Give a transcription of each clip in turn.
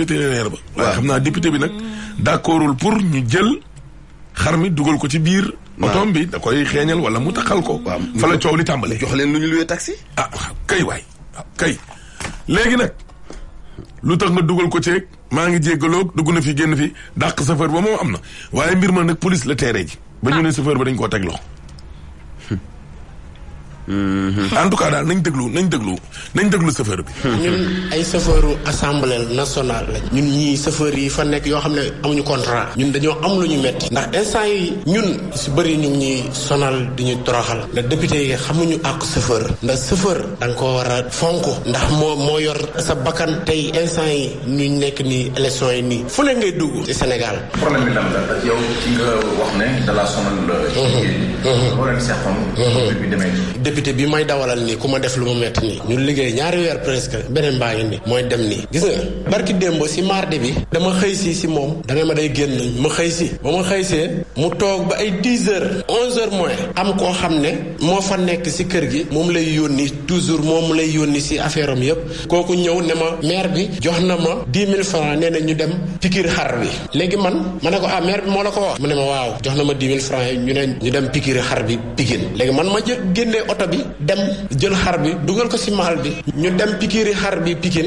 vétérinaire ba. waaye xam naa député bi nag d'accordul pour ñu jël xar mi dugal ko ci biir. otoom bi da koy xeeñal wala mu taxal ko. waaw fa la coow li tàmbale jox leen lu ñu luwee taxi. ah kay waay ah, kay léegi nag lu tax nga dugal ko ceeg maa ngi jéggaloog dugg na fi génn fi dàq chauffeur ba moom am na waaye mbir ma nag police la teeree ji. ba ñu ne chauffeur ba dañ koo teg loxo. Mm-hmm. en tout cas daal nañ déglu nañ déglu nañ déglu chauffeur bi. ñun mm-hmm. ay chauffeuru assemblée nationale lañ. ñun ñii chauffeur yi fa nekk yoo xam ne amuñu contrat. ñun dañoo am lu ñu metti ndax instant yi ñun si bëri ñu ngi ñuy sonal di ñu toroxal. ndax député yi xamuñu ak chauffeur. ndax chauffeur da nga koo war a fonk. ndax moo moo yor sa bakkan tey instant yi ñu nekk nii élection yi nii fu ne ngay dugg si Sénégal. problème bi lan la yow ci nga wax ne da laa sonal. Mm-hmm. ci député bi may dawalal nii ku ma def lu ma metti nii ñu liggéey ñaari weer presque beneen baa ngi nii mooy dem nii gis nga barki démb si mardi bi dama xëy si si moom dana ma day génn ma xëy si ba ma xëy see mu toog ay dix heures onze heures moins am koo xam ne moo fa nekk si kër gi moom lay yónni toujours moom lay yónni si affaire am yëpp kooku ñëw ne ma maire bi jox na ma dix mille francs nee na ñu dem pikir xar bi léegi man ma ne ko ah maire bi moo la ko wax mu ne ma waaw jox na ma dix mille francs yi ñu ne ñu dem pikir xar bi Pikine léegi man ma jël génnee oto bi dem jël xar bi dugal ko ci maal bi ñu dem pikiiri xar bi pikin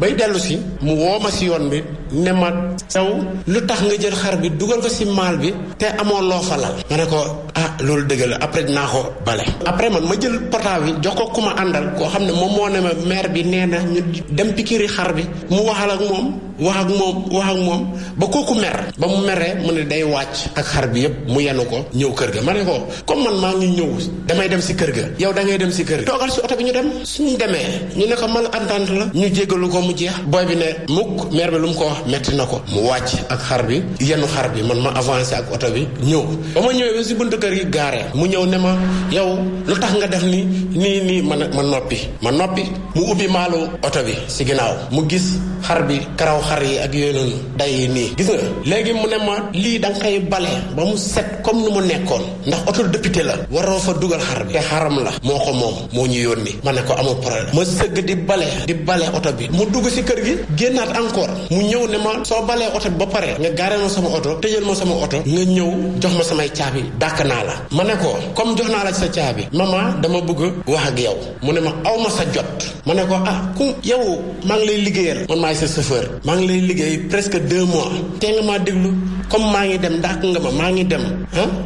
bay dellu si mu woo ma si yoon bi ne ma sew lu tax nga jël xar bi dugal ko si maal bi te amoo loo falal ma ne ko ah loolu dëgg la après naa ko bale après man ma jël portable bi jox ko ku ma àndal koo xam ne moom moo ne ma maire bi nee na ñu dem pikiiri xar bi mu waxal ak moom wax ak moom wax ak moom ba kooku mer ba mu meree mu ne day wàcc ak xar bi yëpp mu yenu ko ñëw kër gi ma ne ko comme man maa ngi ñëw damay dem si kër ga yow dangay dem si kër ga toogal si oto bi ñu dem suñu demee ñu ne ko mal entente la ñu jégalu ko mu jeex booy bi ne mukk mer bi lu mu ko wax metti na ko mu wàcc ak xar bi yenu xar bi man ma avancé ak oto bi ñëw ba ma ñëwee ba si buntu kër gi gaaree mu ñëw ne ma yow lu tax nga def ni nii nii ma ma noppi ma noppi mu ubbi maalu oto bi si ginnaaw mu gis xar bi karaw xar yi ak yooyu noonu day nii gis nga léegi mu ne ma lii da nga koy bale ba mu set comme nu mu nekkoon ndax oto député la waroo fa dugal xar bi te xaram la moo ko moom moo ñu yónni ma ne ko amul problème ma sëgg di bale di bale oto bi mu dugg si kër gi génnaat encore mu ñëw ne ma soo balee oto ba pare nga gaare ma sama oto tëjal ma sama oto nga ñëw jox ma samay caabi dàkk naa la ma ne ko comme jox naa la sa caabi maman dama bëgg wax ak yow mu ne ma aw ma sa jot mu ne ko ah ku yow maa ngi lay liggéeyal man maay sa chauffeur naa lay liggéey presque deux mois tee nga maa déglu comme maa ngi dem ndax nga ma maa ngi dem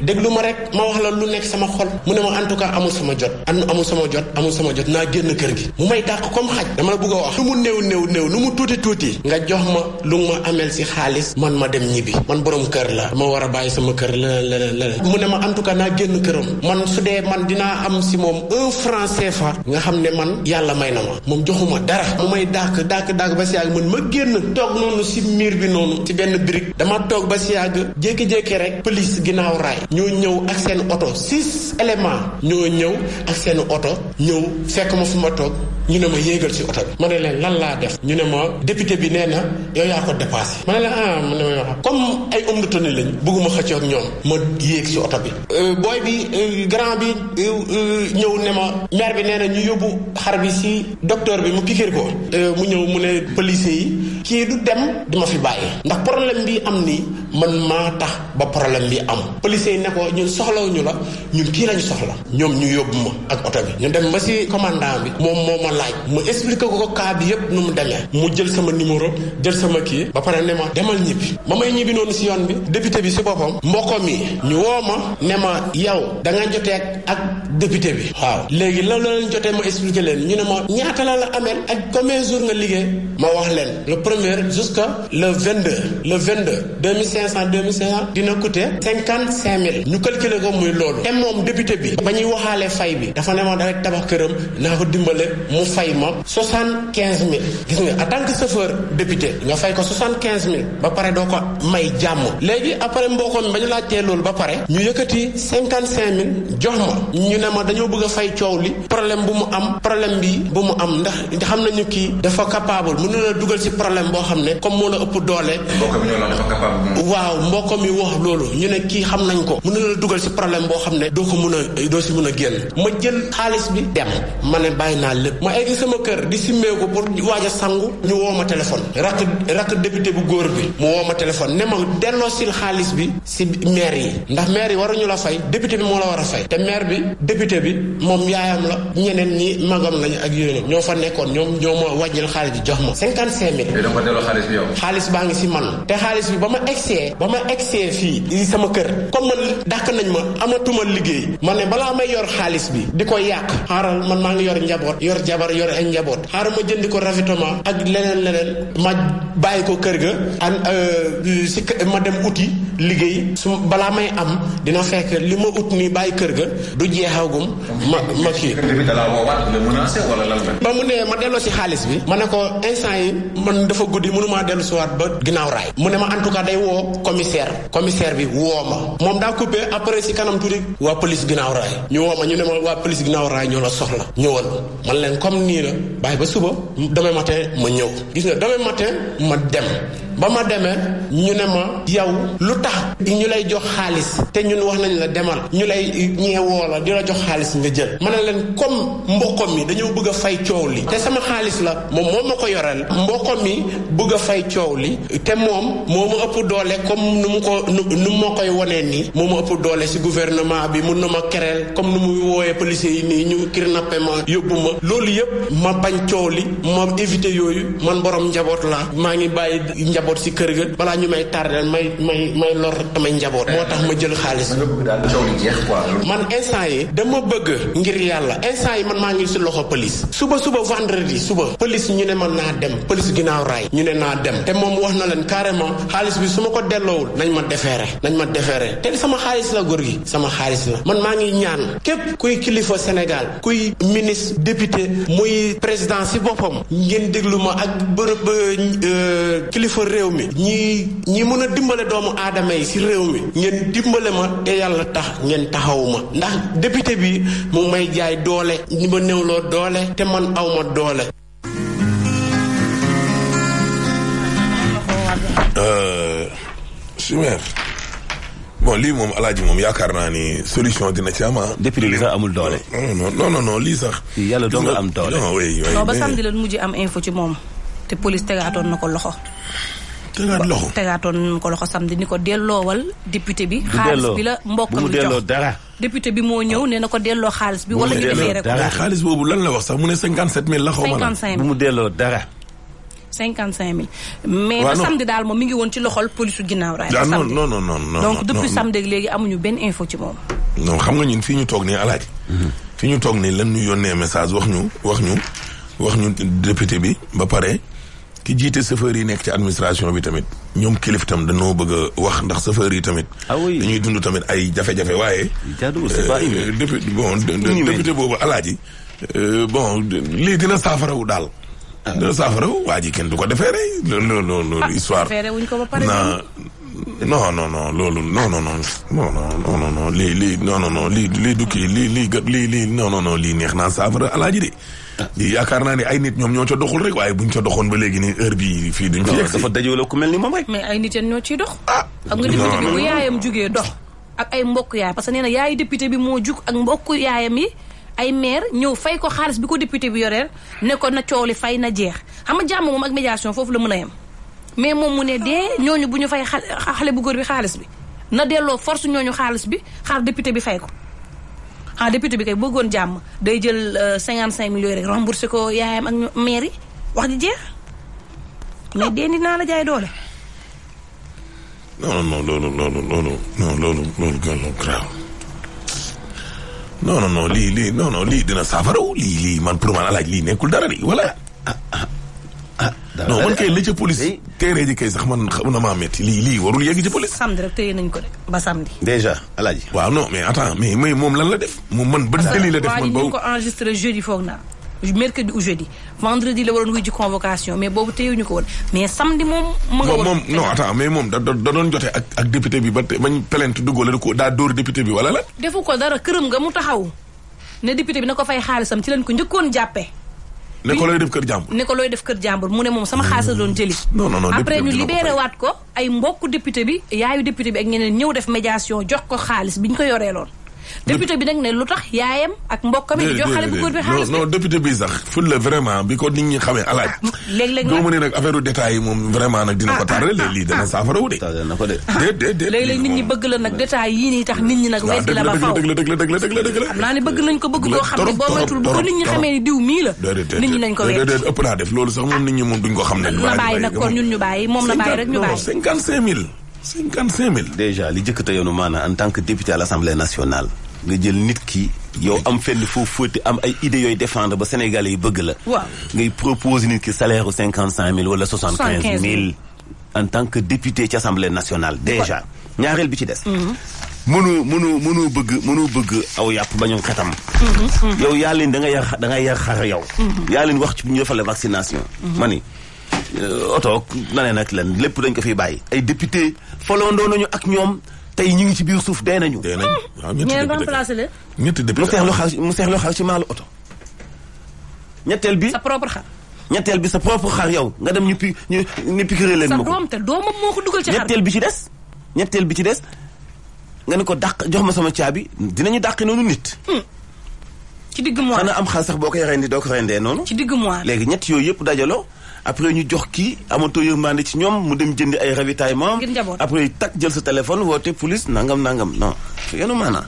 déglu ma rek ma wax la lu nekk sama xol mu ne ma en tout cas amul sama jot an amul sama jot amul sama jot naa génn kër gi mu may dàq comme xaj dama la bëgg a wax lu mu néew néew néew nu mu tuuti tuuti nga jox ma lu ma ameel si xaalis man ma dem ñibbi man borom kër la ma war a bàyyi sama kër leneen leneen leneen mu ne ma en tout cas naa génn këram man su dee man dinaa am si moom un franc CFA nga xam ne man yàlla may na ma moom joxuma dara mu may dàq dàq dàq ma génn toog noonu si miir bi noonu ci benn brique dama toog ba si jékki-jékki rek police ginnaaw raay ñoo ñëw ak seen oto six éléments ñoo ñëw ak seen oto ñëw fekk ma fu toog ñu ne ma yéegal si oto ma ne leen lan laa def ñu ne ma député bi nee na yow yaa ko ma ne leen ah, ma ne comme ay homme de tenue lañ bëgguma xëccoo ak ñoom ma yéeg si oto bi euh, booy bi euh, grand bi euh, ñëw ne ma maire bi nee na ñu yóbbu xar bi si docteur bi mu piquer ko mu ñëw mu ne policier yi kii du dem di ma fi bàyyi ndax problème bi am nii man maa tax ba problème bi am policier yi ne ko ñun soxlawuñu la ñun kii lañu soxla ñoom ñu yóbbu ma ak oto bi ñu dem ma si commandant bi moom moo ma laaj mu expliqué ko cas bi yëpp nu mu demee mu jël sama numéro jël sama kii ba pare ne ma demal ñibbi ba may ñibbi noonu si yoon bi député bi si boppam mbokko mi ñu woo ma ne ma yow da nga jotee ak député bi waaw léegi lan la leen jotee ma expliqué leen ñu ne ma ñaata la la ameel ak combien jour liggéey ma leen téeméer jusqu'à le 22 le 22 2500 2500 dina coûter 55000 ñu calculer ko muy loolu te moom député bi ba ñuy waxaale fay bi dafa ne ma rek tabax këram naa ko dimbale mu fay ma 75000 gis nga en tant que chauffeur nga fay ko 75000 ba pare doo ko may jàmm léegi après mbokkoo mi ba ñu laajtee loolu ba pare ñu yëkkati 55000 jox ma ñu ne ma dañoo bëgg fay coow li problème bu mu am problème bi bu mu am ndax xam nañu kii dafa problème boo xam ne comme moo la ëpp doole. waaw mbokkam yi wax loolu ñu ne kii xam nañ ko. mën na la dugal si problème boo xam ne doo ko mën a doo si mun a génn ma jël xaalis bi dem ma ne bàyyi naa lépp ma egg sama kër di simmeeku pour waaj a sangu ñu woo ma téléphone rakk rakk député bu góor bi mu woo ma téléphone ne ma delloo sil xaalis bi si maire yi ndax maire yi waruñu la fay député bi moo la war a fay te maire bi député bi moom yaayam la ñeneen ñi magam lañu ak yooyu ñoo fa nekkoon ñoom ñoo ma wàññil xaalis jox ma cinquante cinq da ko delloo xaalis baa ngi si man te xaalis bi ba ma egsee ba ma egsee fii sama kër comme man dàq nañ ma amatuma liggéey ma ne balaa may yor xaalis bi di ko yàq xaaral man maa ngi yor njaboot yor jabar yor ay njaboot xaaral ma jëndi ko ravitaillement ak leneen leneen ma bàyyi ko kër ga an euh, si ma dem uti liggéey su balaa may am dina fekk li ma ut nii bàyyi kër ga du jeexagum ma ma kii ba mu ne ma delloo si xaalis bi ma ne ko instant yi man dafa guddi mënumaa dellu siwaat ba ginnaaw raay mu ne ma en tout cas day woo commissaire commissaire bi woo ma moom daa coupé après si kanam tuuti waa police ginnaaw raay ñu woo ma ñu ne ma waa police ginnaaw raay ñoo la soxla ñëwal man leen comme nii la bàyyi ba suba demain matin ma ñëw gis nga demain matin ma dem ba ma demee ñu ne ma yow lu tax ñu lay jox xaalis te ñun wax nañ la demal ñu lay ñeewoo la di jox xaalis nga jël ma ne leen comme mbokkam mi dañoo bëgg a fay coow li te sama xaalis la moom moo ma ko yoreel mbokkam mi bëgg fay coow li te moom moo ma ëpp doole comme nu mu ko nu nu koy wanee nii moo ma ëpp doole si gouvernement bi mun na ma kereel comme nu muy wooyee policiers yi nii ñu kidnappé ma yóbbu ma loolu yëpp ma bañ coow li ma éviter yooyu man borom njaboot laa maa ngi bàyyi njaboot njaboot si kër ma jël xaalis man instant yi dama bëgg ngir yàlla instant yi man maa ngi si loxo police suba suba vendredi suba police ñu ne man naa dem police ginnaaw raay ñu ne naa dem te moom wax na leen carrément xaalis bi su ma ko delloowul nañ ma defeere nañ ma defeere te sama xaalis la góor gi sama xaalis la man maa ngi ñaan képp kuy kilifa Sénégal kuy ministre député muy président si boppam ngeen déglu ma ak bërëb euh, kilifa réew mi ñi ñi mën a dimbale doomu aadama yi si réew mi ngeen dimbale ma te yàlla tax ngeen taxaw ma ndax député bi mu may jaay doole ñi néewloo doole te man awma doole euh, Chimère bon lii moom alaaji moom yaakaar ni solution dina ci am ah. député bi sax amul doole. non non non lii sax. yàlla doo nga am doole non ba samedi la mujj am info ci moom te police tegaatoon na ko loxo. tegaat loxo tegaatoon ko loxo samedi ni ko delloowal député bi. xaalis bi la mbokk mi jox bu mu delloo dara. député bi moo ñëw nee na ko delloo xaalis bi. wala ñu defee rek dara xaalis boobu lan la wax sax mu ne 57000 la. xaw ma la 55000 bu mu delloo dara. 55000. mais ba samedi daal moom mi ngi woon ci loxol polisu ginnaaw raay. ba ah, samedi non non non non donc depuis samedi léegi amuñu benn info ci moom. non xam nga ñun fii ñu toog nii alaaji. Mhm. fii ñu toog nii lan ñu yónnee message wax ñu wax ñu wax ñu député bi ba pare ci jiite chauffeur yi nekk ci administration bi tamit ñoom kilif tam dañoo bëgg a wax ndax chauffeur yi tamit. dañuy dund tamit ay jafe-jafe waaye. jaaduwul c'est pas député bon député boobu alaaji bon lii dina saafarawu daal. dina saafarawu waa ji kenn du ko defeere loolu loolu loolu histoire. na non non non loolu non non non non non non non lii lii non non lii lii du lii neex naa saafara alaaji de. yaakaar naa ne ay nit ñoom ñoo ca doxul rek waaye buñ ca doxoon ba léegi ni heure bi fii duñ fi yegg dafa dajoo la ku mel ni moom rek mais ay nit yeen ñoo ciy dox ah. dox ak ay mbokk yaay parce que nee na yaay député bi moo jug ak mbokk yaayam yi ay maire ñëw fay ko xaalis bi ko député bi yoreel ne na coow li fay na jeex xam nga jàmm moom ak médiation foofu la mën a yem mais moom mu ne dee ñooñu bu ñu fay xale bu góor bi xaalis bi na delloo force ñooñu xaalis bi xaar député bi fay ko ah bi kay bëggoon jàmm day jël 55 euh, millions rek remboursé ko yaayam ak mairie wax ji jeex mais dendi naa la jaay doole. lii lii non lii dina saafaraw lii lii man pour man alaaj lii nekkul dara de wala. non man kay li police. teeree kay sax man na maa métti lii lii warul yegg ci police. samedi rek téye nañ ko rek ba samedi. waaw non mais attends mais moom lan la def. moom man ban délit la def man boobu ko enregistré jeudi foog naa. moom. mu nga moom non attends da doon jote ak ak bi ba te bañ plainte duggoo la ko daa dóor député bi wala la. defu ko dara këram nga mu taxaw ne député bi na ko fay xaalisam ci leen ko njëkkoon jàppee. ne ko looy def kër jàmbur ne ko looy def kër jàmbur mu ne moom sama mm. xaalis la doon jëli non non non après ñu libéré ko ay mbokku député bi yaayu député bi ak ñeneen ñëw def médiation jox ko xaalis bi ñu ko yoree loon député bi nag ne lu tax yaayam ak mbokkam di jox xale bu góor bi xaalis sax ful la vraiment bi ko nit ñi xamee alaaj ah, léeg-léeg nag doo ne ah, ah, ñi bëgg la nag détails yii tax nit ñi nag weddi la ba faw xam naa ne bëgg nañ ko bëgg koo xam ne boo moytul ñi xamee ni diw mii la ñi nañ ko weddi déedéet ëpp naa def loolu sax moom nit ñi moom duñ ko xam ne na bàyyi nag kon ñun ñu bàyyi moom na bàyyi rek ñu bàyyi cinquante cinq mille cinquante cinq mille. déjà li jëkk te yoonu maanaam en tant que député à l' nationale. nga jël nit ki yow am fenn foofu fóoti am ay idées yooyu défendre ba Sénégalais yi bëgg la. waaw ngay propose nit ki salaire ci assemblée nationale. déjà ñaareel bi ci des. mënu mm-hmm. mënu mënu bëgg mënu bëgg aw yàpp bañu xetam mm-hmm. Mm-hmm. yow yaa leen da nga yar da nga yar xar yow. yaa leen wax ci bu ñu defalee vaccination. ma Euh, oto leneen nag leneen lépp dañ ko fiy bàyyi. ay député faloondoo nañu ak ñoom tey ñu ngi ci biir suuf dee nañu. dee nañu waaw ñetti député ñeent remplacé leen. ñetti député mu seex mu seex lu xaw ci maalu oto. bi sa propre bi sa propre xar yow nga dem ñu pi ñu ñu piqûre leen. ma ko sa te doomam moo ko ci xar bi ci des. ñetteel bi ci des nga ne ko dàq jox ma sama caabi dinañu dàq noonu nit. Hmm. ci digg mois xanaa am xaalis sax boo koy rendi doo ko rendee noonu. ci digg mois léegi ñett yooyu yëpp dajaloo après ñu jox kii amatoo yërmande ci ñoom mu dem jënd ay ravitaillement après tak jël sa téléphone woote police nangam nangam non yenu maanaa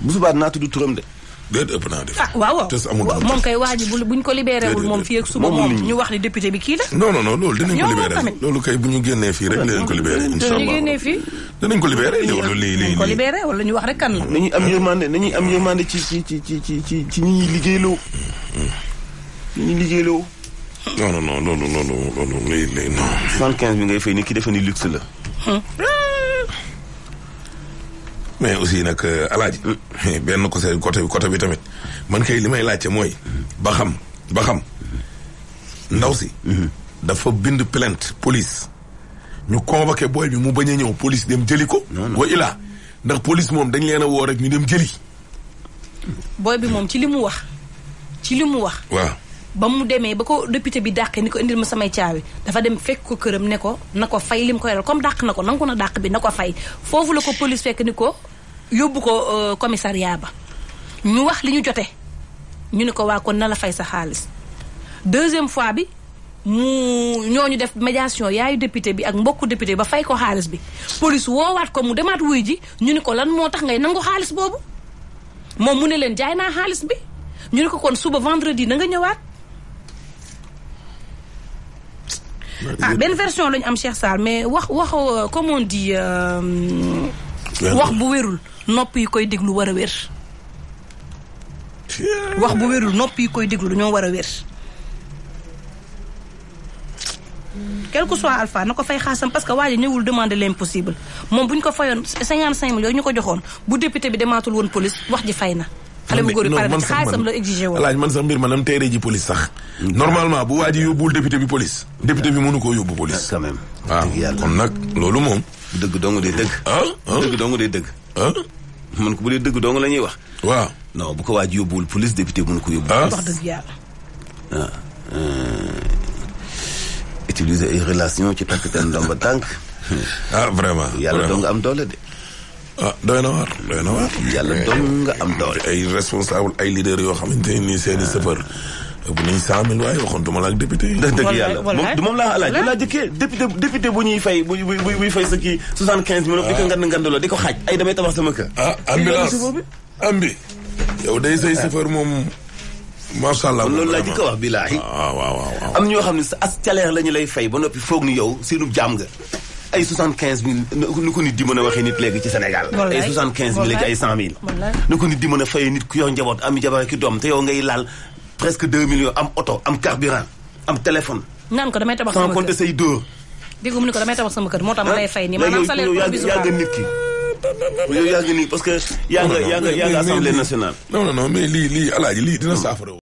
bu subaat naa tudd turam de déet ëpp naa def. ah waaw waaw moom kay waa ji buñ ko libéré wul moom fii suba moom ñu wax ni député bi kii la. non non non loolu dinañ ko libéré loolu kay bu ñu génnee fii rek dinañ ko libéré. incha allah génnee fii. dinañ ko libéré lii lii ko libéré wala ñu wax rek kan la. nañuy am am yërmande ci ci ci ci ci ci ñi ñuy ñu liggéeyloo. non non non loolu loolu loolu lay bi ngay fay ni ki defe ni luxe la. mais aussi nag euh, alaaji benn côté côté côté bi tamit man li may laajte mooy. ba xam ba xam ndaw bind plainte police. ñu convoqué booy bi mu bañ a ñëw police dem jëli ko. wa ilaa ndax police moom dañ leen a woo rek ñu dem jëli. booy bi moom ci li mu wax ci li mu wax. waa ba mu demee ba ko député bi dàqee ni ko indil ma samay caabi dafa dem fekk ko këram ne ko na ko fay lim ko yoral comme dàq na ko nangu na dàq bi na ko fay foofu la ko police fekk ni ko yóbbu ko euh, commissariat ba ñu wax li ñu jote ñu ne ko waa kon na la fay sa xaalis deuxième fois bi mu ñooñu def médiation yaayu député bi ak mbokku député ba fay ko xaalis bi police woowaat ko mu demaat wuy ji ñu ne ko lan moo tax ngay nangu xaalis boobu moom mu ne leen jaay naa xaalis bi ñu ne ko kon suba vendredi na nga ñëwaat ah benn version lañu am Cheikh Sarr mais wax wax euh, comme on dit euh, wax bu wérul nopp yi koy déglu war a wér. wax bu wérul nopp yi koy déglu ñoo war a wér. quel que soit alpha na ko fay xaasam parce que waa ji ñëwul leen l'impossible moom bu ñu ko fayoon 55 millions ñu ko joxoon bu député bi demaatul woon police wax ji fay na. xale bu góor yi pare na ci xaalisam la exigé man sax mbir ma nam teeree ji police sax mm. normalement bu waa ji yóbbuwul député bi police député bi mënu koo yóbbu police quand même waaw kon nag loolu moom dëgg dong dee dëgg ah, ah dëgg dong dee dëgg ah ko bu dee dëgg dong la ñuy wax waaw non bu ko waa ji yóbbuwul police député bi mënu ko yóbbu ah. wax dëgg yàlla waaw ah, utiliser ay relation ci takk seen ndomba tànk ah vraiment yàlla doo nga am doole de ah doy na waar doy na waar. yàlla dong nga am doole. ay responsable ay leader yoo xam ne nii seen i ah. sëfër. bu nañ cent mille waaye waxantuma la député dëgg yàlla moom moom laa laaj. laa jëkkee député député bu ñuy fay bu bu buy fay sa kii soixante quinze mille. waaw ah. di ko ngand ngandaloo di ko xaaj. ay damay tabax sama kër. Ah, ambi yow day say sëfër moom. macha allah loolu laa jëkk a wax bilaahi. waaw waaw waaw am ñoo xam ne sa as salaire lañu lay fay ba noppi foog ni yow seenu jaam nga. ay 75000 nu ko nit di mën a waxee nit léegi ci Sénégal. ay 75000 léegi ay 100000. wallaay nu ko nit di mën a fayee nit ku yor njaboot am jabar ki doom te yow ngay laal presque 2 millions am oto am carburant am téléphone. naan ko damay tabax sama kër kër moo tax ma ah, lay fay. nii maanaam salaire bu bisu yaa nga nit ki. yow yaa nga nit parce que. yaa nga yaa nga yaa nga assemblée nationale. non lii lii alaaji lii dina saafara